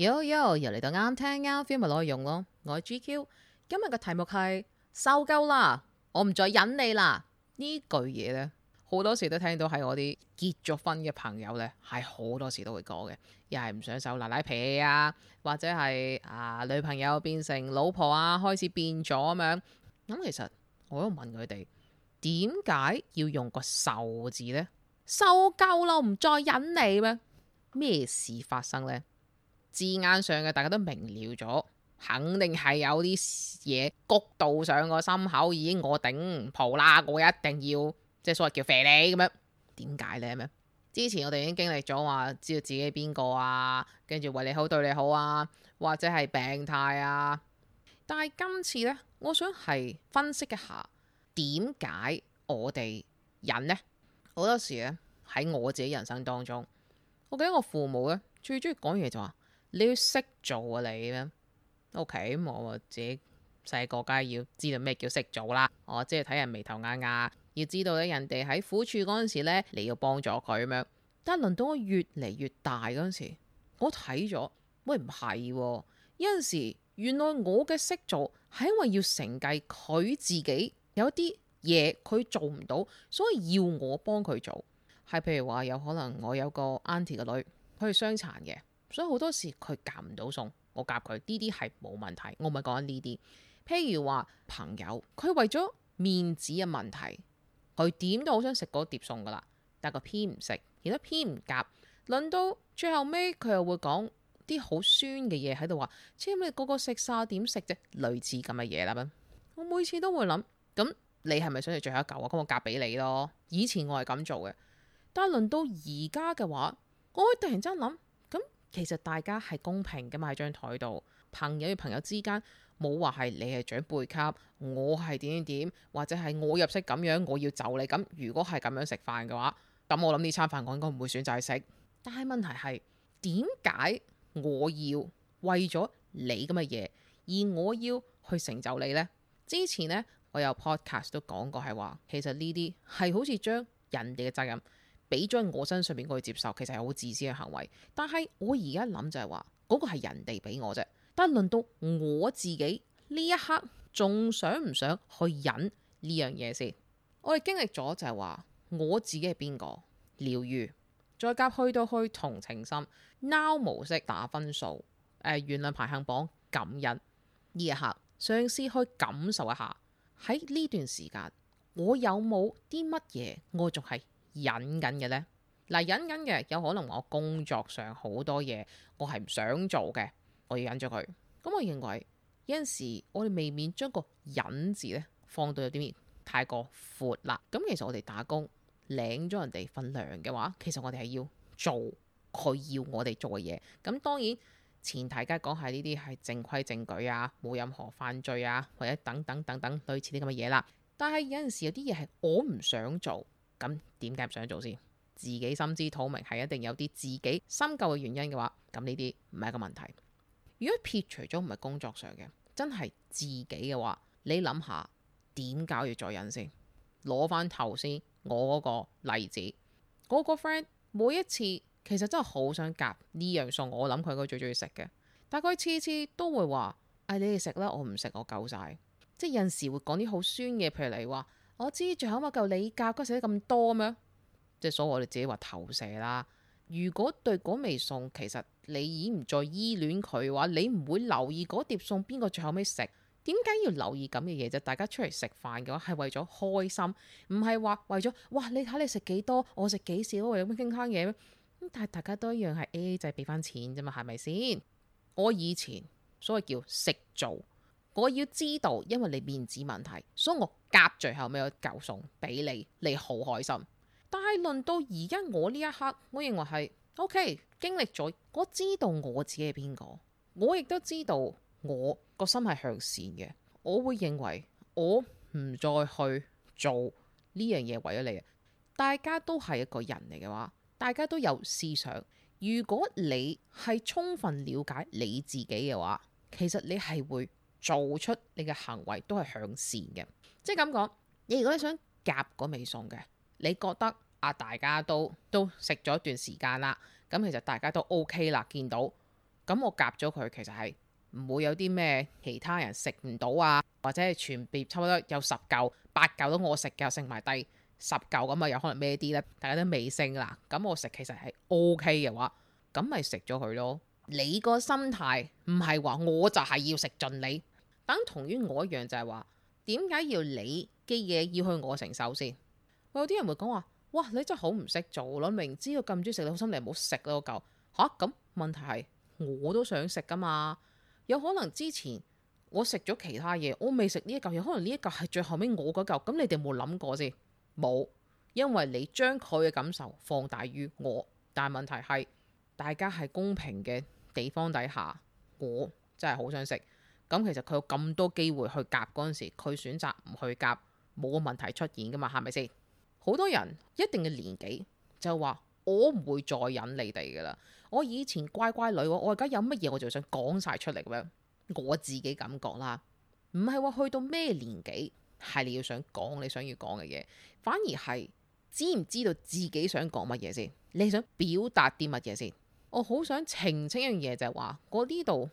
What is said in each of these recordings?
Yo Yo，又嚟到啱聽啱 feel 咪攞去用咯。我係 GQ，今日嘅題目係受夠啦，我唔再忍你啦。呢句嘢呢，好多時都聽到係我啲結咗婚嘅朋友呢，係好多時都會講嘅，又係唔想受奶奶皮啊，或者係啊女朋友變成老婆啊，開始變咗咁樣。咁其實我都問佢哋，點解要用個受字呢？受夠啦，唔再忍你咩？咩事發生呢？字眼上嘅，大家都明瞭咗，肯定係有啲嘢谷到上個心口，已經我頂唔浦啦。我一定要即係所謂叫飛你咁樣，點解咧？咩？之前我哋已經經歷咗話知道自己邊個啊，跟住為你好對你好啊，或者係病態啊。但係今次咧，我想係分析一下點解我哋人咧好多時咧喺我自己人生當中，我記得我父母咧最中意講嘢就話、是。你要識做啊！你咧，OK，我自己細個梗係要知道咩叫識做啦。我即係睇人眉頭眼額，要知道咧人哋喺苦處嗰陣時咧，你要幫助佢咁樣。但係輪到我越嚟越大嗰陣時，我睇咗喂唔係有陣時，原來我嘅識做係因為要承繼佢自己有啲嘢佢做唔到，所以要我幫佢做。係譬如話有可能我有個 auntie 嘅女，佢係傷殘嘅。所以好多時佢夾唔到餸，我夾佢呢啲係冇問題。我唔係講緊呢啲，譬如話朋友佢為咗面子嘅問題，佢點都好想食嗰碟餸噶啦，但係佢偏唔食，亦都偏唔夾。輪到最後尾，佢又會講啲好酸嘅嘢喺度話，千咪個個食晒點食啫，類似咁嘅嘢啦。我每次都會諗，咁你係咪想食最後一嚿啊？咁我夾俾你咯。以前我係咁做嘅，但係輪到而家嘅話，我會突然間諗。其實大家係公平嘅嘛，喺張台度，朋友與朋友之間冇話係你係長輩級，我係點點點，或者係我入息咁樣，我要就你。咁如果係咁樣食飯嘅話，咁我諗呢餐飯我應該唔會選擇去食。但係問題係點解我要為咗你咁嘅嘢，而我要去成就你呢？之前呢，我有 podcast 都講過係話，其實呢啲係好似將人哋嘅責任。俾咗我身上邊，我去接受，其實係好自私嘅行為。但係我而家諗就係話，嗰、嗰個係人哋俾我啫。但係輪到我自己呢一刻，仲想唔想去忍呢樣嘢先？我哋經歷咗就係話，我自己係邊個療愈再加去到去同情心 NOW 模式打分數誒、呃，原諒排行榜感恩呢一刻，嘗試去感受一下喺呢段時間我有冇啲乜嘢？我仲係。忍緊嘅咧，嗱、啊、忍緊嘅有可能我工作上好多嘢，我係唔想做嘅，我要忍咗佢。咁我認為有陣時我哋未免將個忍字咧放到有啲咩太過闊啦。咁其實我哋打工領咗人哋份糧嘅話，其實我哋係要做佢要我哋做嘅嘢。咁當然前提梗係講係呢啲係正規正矩啊，冇任何犯罪啊，或者等等等等，等，等類似啲咁嘅嘢啦。但係有陣時有啲嘢係我唔想做，咁點解唔想做先？自己心知肚明係一定有啲自己深究嘅原因嘅話，咁呢啲唔係一個問題。如果撇除咗唔係工作上嘅，真係自己嘅話，你諗下點搞要再忍先？攞翻頭先我嗰個例子，我個 friend 每一次其實真係好想夾呢樣餸，我諗佢應該最中意食嘅，但佢次次都會話：，唉、啊，你哋食啦，我唔食，我夠晒。即係有陣時會講啲好酸嘅，譬如你話。我知最後嗰嚿你夾嗰寫得咁多咁樣，即係所以我哋自己話投射啦。如果對嗰味餸其實你已唔再依戀佢嘅話，你唔會留意嗰碟餸邊個最後尾食。點解要留意咁嘅嘢啫？大家出嚟食飯嘅話係為咗開心，唔係話為咗哇你睇你食幾多，我食幾少，少，有咁傾餐嘢。咁但係大家都一樣係 A A 制俾翻錢啫嘛，係咪先？我以前所謂叫食做」。我要知道，因為你面子問題，所以我夾最後尾個舊送俾你，你好開心。但係輪到而家我呢一刻，我認為係 OK。Okay, 經歷咗，我知道我自己係邊個，我亦都知道我個心係向善嘅。我會認為我唔再去做呢樣嘢為咗你啊。大家都係一個人嚟嘅話，大家都有思想。如果你係充分了解你自己嘅話，其實你係會。做出你嘅行為都係向善嘅，即係咁講。你如果你想夾嗰味餸嘅，你覺得啊，大家都都食咗一段時間啦，咁其實大家都 OK 啦，見到咁我夾咗佢，其實係唔會有啲咩其他人食唔到啊，或者係全別差唔多有十嚿八嚿都我食嘅，剩埋低十嚿咁啊，有、嗯、可能咩啲咧？大家都未剩啦，咁我食其實係 OK 嘅話，咁咪食咗佢咯。你個心態唔係話我就係要食盡你。等同於我一樣就，就係話點解要你嘅嘢要去我承受先？有啲人會講話：哇，你真係好唔識做咯！明知道咁中意食，好心你唔好食咯，嗰嚿吓咁。啊、問題係我都想食噶嘛，有可能之前我食咗其他嘢，我未食呢一嚿嘢，有可能呢一嚿係最後尾我嗰嚿。咁你哋冇諗過先冇？因為你將佢嘅感受放大於我，但係問題係大家係公平嘅地方底下，我真係好想食。咁其實佢有咁多機會去夾嗰陣時，佢選擇唔去夾，冇個問題出現噶嘛，係咪先？好多人一定嘅年紀就話：我唔會再忍你哋噶啦！我以前乖乖女，我而家有乜嘢我就想講晒出嚟咁樣，我自己咁講啦。唔係話去到咩年紀係你要想講你想要講嘅嘢，反而係知唔知道自己想講乜嘢先？你想表達啲乜嘢先？我好想澄清一樣嘢就係話，我呢度。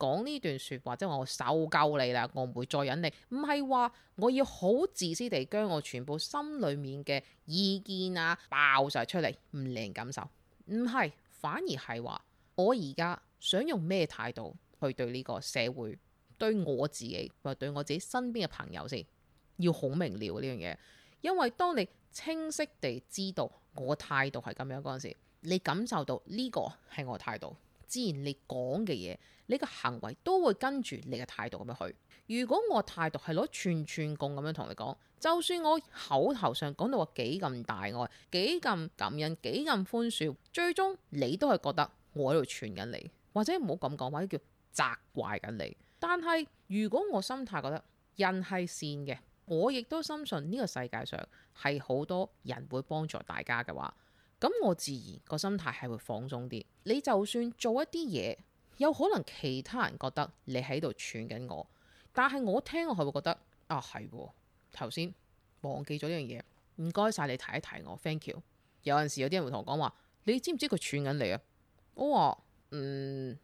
講呢段說話，即係話我受夠你啦，我唔會再忍你。唔係話我要好自私地將我全部心裏面嘅意見啊爆晒出嚟，唔令人感受。唔係，反而係話我而家想用咩態度去對呢個社會，對我自己或對我自己身邊嘅朋友先，要好明了呢樣嘢。因為當你清晰地知道我態度係咁樣嗰陣時，你感受到呢個係我態度。自然你，你講嘅嘢，你嘅行為都會跟住你嘅態度咁樣去。如果我態度係攞串串貢咁樣同你講，就算我口頭上講到話幾咁大愛，幾咁感恩，幾咁寬恕，最終你都係覺得我喺度串緊你，或者唔好咁講，或者叫責怪緊你。但係如果我心態覺得人係善嘅，我亦都深信呢個世界上係好多人會幫助大家嘅話。咁我自然個心態係會放鬆啲。你就算做一啲嘢，有可能其他人覺得你喺度串緊我，但係我聽我係會覺得啊，係喎。頭先忘記咗呢樣嘢，唔該晒你提一提我。Thank you。有陣時有啲人會同我講話，你知唔知佢串緊你啊？我話嗯，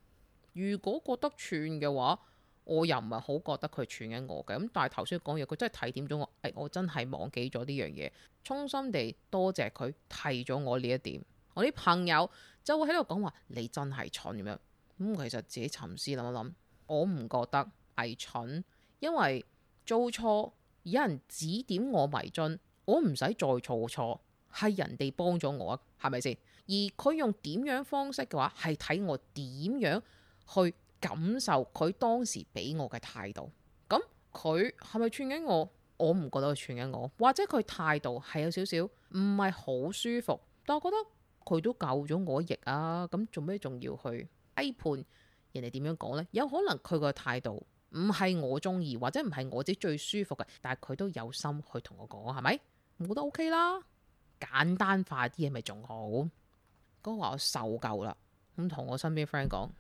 如果覺得串嘅話，我又唔係好覺得佢串緊我嘅，咁但係頭先講嘢，佢真係提點咗我，誒、哎、我真係忘記咗呢樣嘢，衷心地多謝佢提咗我呢一點。我啲朋友就會喺度講話，你真係蠢咁樣。咁、嗯、其實自己沉思諗一諗，我唔覺得係蠢，因為做錯有人指點我迷津，我唔使再做錯，係人哋幫咗我啊，係咪先？而佢用點樣方式嘅話，係睇我點樣去，感受佢當時俾我嘅態度，咁佢係咪串緊我？我唔覺得佢串緊我，或者佢態度係有少少唔係好舒服，但我覺得佢都救咗我逆啊！咁做咩仲要去批判人哋點樣講呢？有可能佢個態度唔係我中意，或者唔係我自己最舒服嘅，但係佢都有心去同我講，係咪？我覺得 OK 啦，簡單化啲嘢咪仲好。哥話我受夠啦，咁同我身邊 friend 講。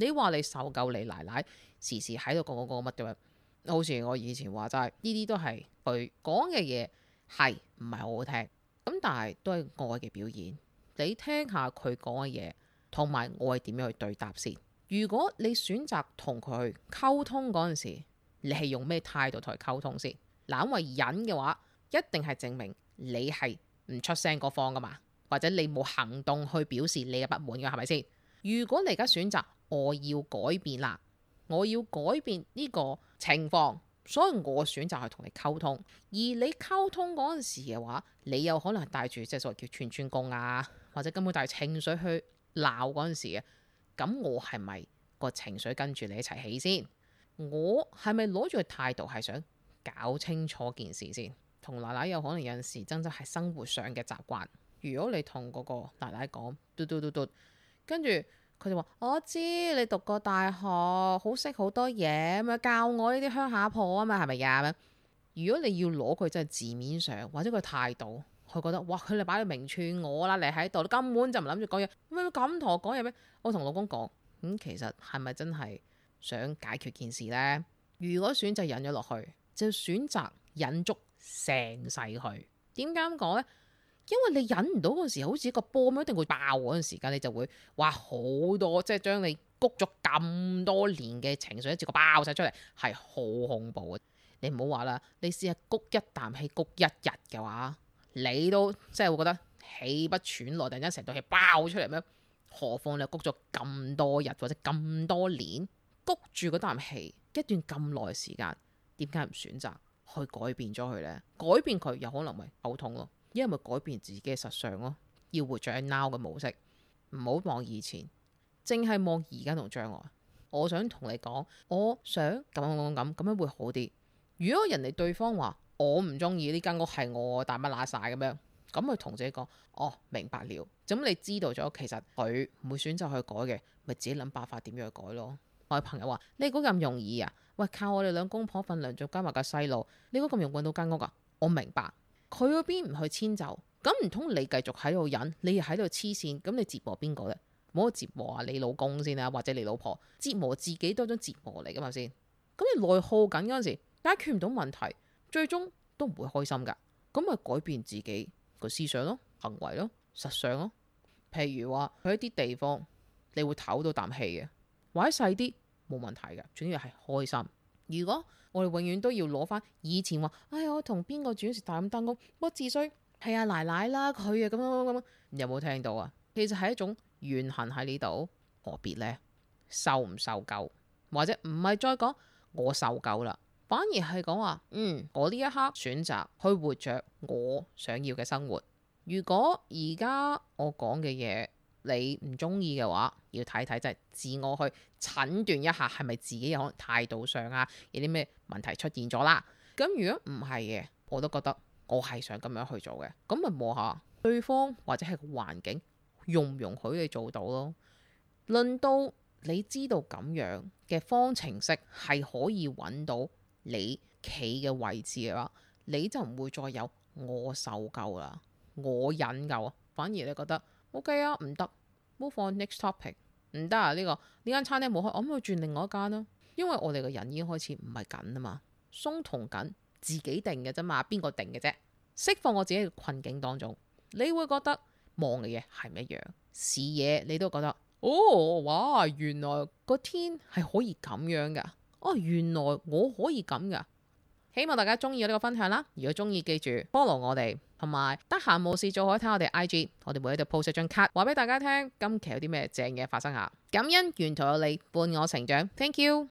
你話你受夠你奶奶時時喺度講講講乜嘅？好似我以前話，就係呢啲都係佢講嘅嘢係唔係好好聽？咁但係都係愛嘅表現。你聽下佢講嘅嘢，同埋我係點樣去對答先？如果你選擇同佢溝通嗰陣時，你係用咩態度同佢溝通先？因為忍嘅話，一定係證明你係唔出聲嗰方噶嘛，或者你冇行動去表示你嘅不滿嘅係咪先？如果你而家選擇我要改變啦，我要改變呢個情況，所以我嘅選擇係同你溝通。而你溝通嗰陣時嘅話，你有可能係帶住即係所謂叫串串工啊，或者根本帶情緒去鬧嗰陣時嘅，咁我係咪個情緒跟住你一齊起，起先？我係咪攞住個態度係想搞清楚件事先？同奶奶有可能有陣時真真係生活上嘅習慣。如果你同嗰個奶奶講嘟嘟嘟嘟。跟住佢就話：我知你讀過大學，好識好多嘢，咁樣教我呢啲鄉下婆啊嘛，係咪呀？如果你要攞佢，真係字面上或者佢態度，佢覺得哇，佢哋擺明寸我啦，你喺度根本就唔諗住講嘢，咁同我講嘢咩？我同老公講，咁、嗯、其實係咪真係想解決件事呢？如果選擇忍咗落去，就選擇忍足成世去。點解咁講呢？因為你忍唔到嗰時，好似一個波咁，一定會爆嗰陣時間，你就會話好多，即係將你谷咗咁多年嘅情緒一節個爆晒出嚟，係好恐怖嘅。你唔好話啦，你試下谷一啖氣，谷一日嘅話，你都即係會覺得氣不喘來，突然間成堆氣爆出嚟咩。何況你谷咗咁多日或者咁多年谷住嗰啖氣一段咁耐時間，點解唔選擇去改變咗佢呢？改變佢有可能咪嘔痛咯。因為咪改變自己嘅實相咯，要活在 now 嘅模式，唔好望以前，淨係望而家同將來。我想同你講，我想咁咁咁咁樣會好啲。如果人哋對方話我唔中意呢間屋係我大把拉晒咁樣，咁佢同自己講哦，明白了。咁你知道咗，其實佢唔會選擇去改嘅，咪自己諗辦法點樣去改咯。我嘅朋友話你估咁容易啊？喂，靠我哋兩公婆份量做加埋嘅細路，你估咁容易揾到間屋啊？我明白。佢嗰邊唔去遷就，咁唔通你繼續喺度忍，你又喺度黐綫，咁你折磨邊個呢？冇個折磨下你老公先啊，或者你老婆折磨自己都係種折磨嚟噶嘛先。咁你內耗緊嗰陣時，解決唔到問題，最終都唔會開心噶。咁咪改變自己個思想咯、行為咯、實相咯。譬如話去一啲地方你會唞到啖氣嘅，或者細啲冇問題嘅，總之係開心。如果我哋永遠都要攞翻以前話，哎，我同邊個主食大金燈光，不自衰係阿奶奶啦，佢啊咁樣咁樣，樣，樣，樣，你有冇聽到啊？其實係一種怨恨喺呢度，何必呢？受唔受夠，或者唔係再講我受夠啦，反而係講話嗯，我呢一刻選擇去活着我想要嘅生活。如果而家我講嘅嘢，你唔中意嘅話，要睇睇即係自我去診斷一下，係咪自己有可能態度上啊，有啲咩問題出現咗啦？咁如果唔係嘅，我都覺得我係想咁樣去做嘅。咁咪望下對方或者係個環境容唔容許你做到咯？論到你知道咁樣嘅方程式係可以揾到你企嘅位置嘅話，你就唔會再有我受夠啦，我忍夠啊，反而你覺得。OK 啊，唔得，Move on next topic，唔得啊，呢個呢間餐廳冇開，我諗我轉另外一間咯啊。因為我哋個人已經開始唔係緊啦嘛，鬆同緊自己定嘅啫嘛，邊個定嘅啫？釋放我自己嘅困境當中，你會覺得望嘅嘢係唔一樣，視野你都覺得哦哇，原來個天係可以咁樣噶，哦，原來我可以咁噶。希望大家中意我呢個分享啦，如果中意記住 follow 我哋，同埋得閒冇事做可以睇我哋 IG，我哋會喺度 post 一張卡，話俾大家聽今期有啲咩正嘢發生呀。感恩沿途有你伴我成長，thank you。